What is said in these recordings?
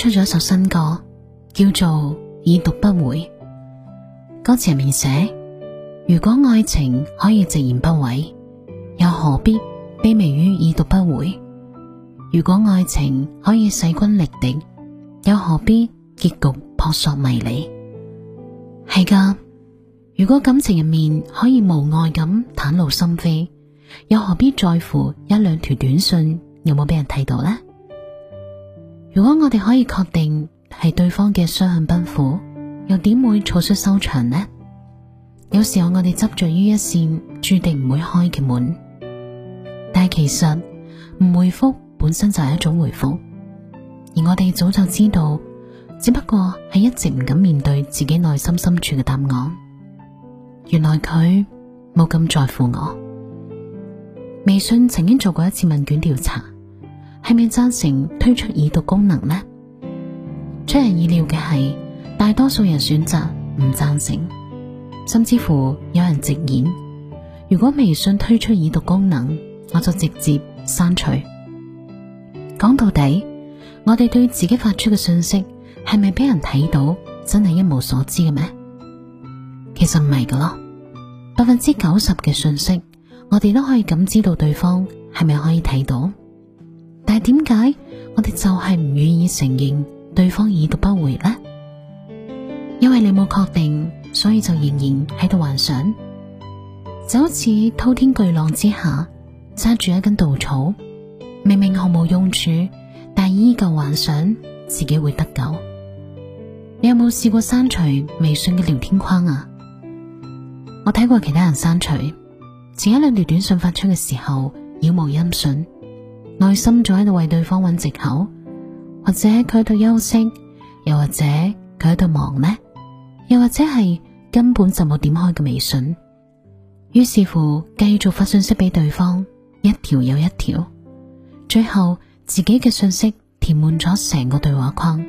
出咗一首新歌，叫做《已讀不回》。歌詞入面寫：如果愛情可以直言不諱，又何必卑微於已讀不回？如果愛情可以勢均力敵，又何必結局撲朔迷離？係噶，如果感情入面可以無礙咁袒露心扉，又何必在乎一兩條短信有冇俾人睇到呢？」如果我哋可以確定係對方嘅雙向奔赴，又點會錯失收場呢？有時候我哋執着於一扇，注定唔會開嘅門。但係其實唔回復本身就係一種回復，而我哋早就知道，只不過係一直唔敢面對自己內心深處嘅答案。原來佢冇咁在乎我。微信曾經做過一次問卷調查。係咪贊成推出已讀功能呢？出人意料嘅係，大多數人選擇唔贊成，甚至乎有人直言：如果微信推出已讀功能，我就直接刪除。講到底，我哋對自己發出嘅信息係咪俾人睇到，真係一無所知嘅咩？其實唔係噶咯，百分之九十嘅信息，我哋都可以感知到對方係咪可以睇到。但係點解我哋就係唔願意承認對方已讀不回呢？因為你冇確定，所以就仍然喺度幻想，就好似滔天巨浪之下揸住一根稻草，明明毫無用處，但係依舊幻想自己會得救。你有冇試過刪除微信嘅聊天框啊？我睇過其他人刪除，前一兩段短信發出嘅時候，杳無音訊。內心仲喺度為對方揾，藉口，或者佢喺度休息，又或者佢喺度忙咩？又或者係根本就冇點開嘅微信？於是乎，繼續發信息俾對方，一條又一條，最後自己嘅信息填滿咗成個對話框，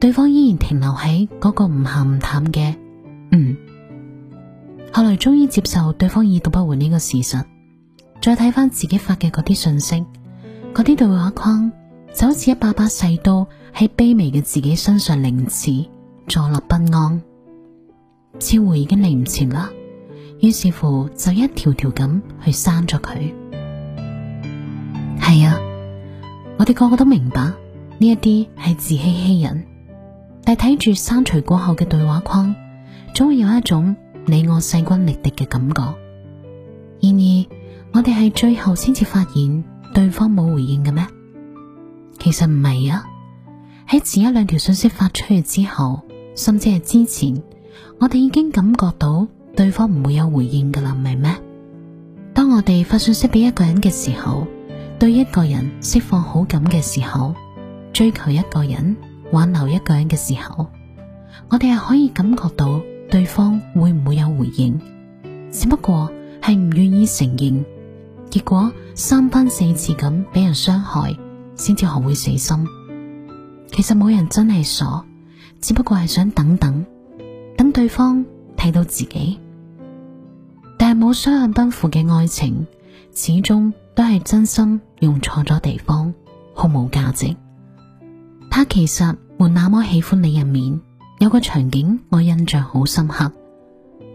對方依然停留喺嗰個唔咸唔淡嘅嗯。後來終於接受對方已讀不回呢個事實，再睇返自己發嘅嗰啲信息。嗰啲對話框就好似一把把細刀喺卑微嘅自己身上凌遲，坐立不安。似乎已經嚟唔前啦，於是乎就一條條咁去刪咗佢。係啊，我哋個個都明白呢一啲係自欺欺人，但睇住刪除過後嘅對話框，總會有一種你我勢均力敵嘅感覺。然而，我哋係最後先至發現。對方冇回應嘅咩？其實唔係啊！喺前一兩條信息發出去之後，甚至係之前，我哋已經感覺到對方唔會有回應㗎喇，唔係咩？當我哋發信息俾一個人嘅時候，對一個人釋放好感嘅時候，追求一個人、挽留一個人嘅時候，我哋係可以感覺到對方會唔會有回應，只不過係唔願意承認。結果三番四次咁俾人傷害，先至學會死心。其實冇人真係傻，只不過係想等等，等對方睇到自己。但係冇雙向奔赴嘅愛情，始終都係真心用錯咗地方，毫無價值。他其實沒那麼喜歡你入面有個場景，我印象好深刻，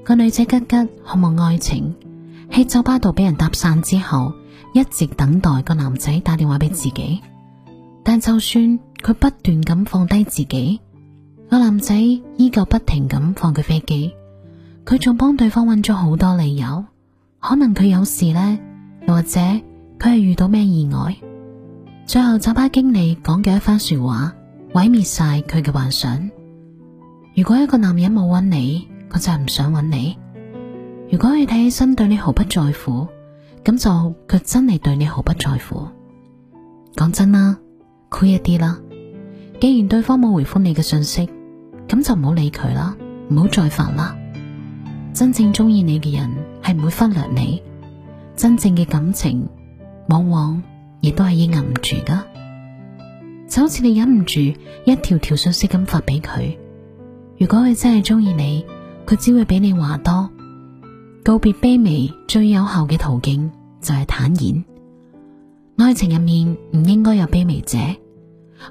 個女仔吉吉渴望愛情。喺酒吧度俾人搭訕之後，一直等待個男仔打電話俾自己。但就算佢不斷咁放低自己，個男仔依舊不停咁放佢飛機。佢仲幫對方揾咗好多理由，可能佢有事呢，又或者佢係遇到咩意外。最後酒吧經理講嘅一番說話，毀滅晒佢嘅幻想。如果一個男人冇揾你，佢就係唔想揾你。如果佢睇起身對你毫不在乎，咁就佢真係對你毫不在乎。講真啦，寬一啲啦。既然對方冇回覆你嘅信息，咁就唔好理佢啦，唔好再煩啦。真正中意你嘅人係唔會忽略你，真正嘅感情往往亦都係要忍唔住噶。就好似你忍唔住一條條信息咁發俾佢，如果佢真係中意你，佢只會比你話多。告別卑微最有效嘅途徑就係坦然。愛情入面唔應該有卑微者，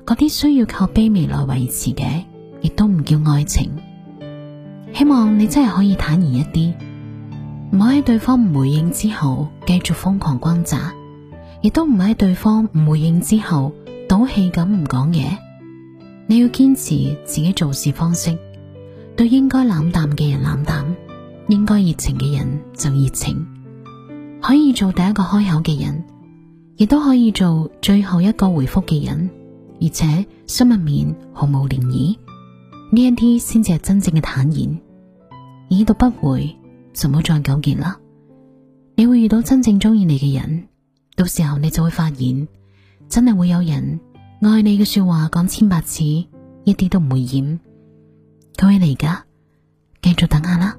嗰啲需要靠卑微來維持嘅，亦都唔叫愛情。希望你真係可以坦然一啲，唔好喺對方唔回應之後繼續瘋狂轟炸，亦都唔喺對方唔回應之後賭氣咁唔講嘢。你要堅持自己做事方式，對應該冷淡嘅人冷淡。應該熱情嘅人就熱情，可以做第一個開口嘅人，亦都可以做最後一個回覆嘅人，而且心入面毫無漣漪。呢一啲先至係真正嘅坦然。已讀不回就唔好再糾結啦。你會遇到真正中意你嘅人，到時候你就會發現真係會有人愛你嘅說話講千百次，一啲都唔會掩。各位嚟噶，繼續等下啦。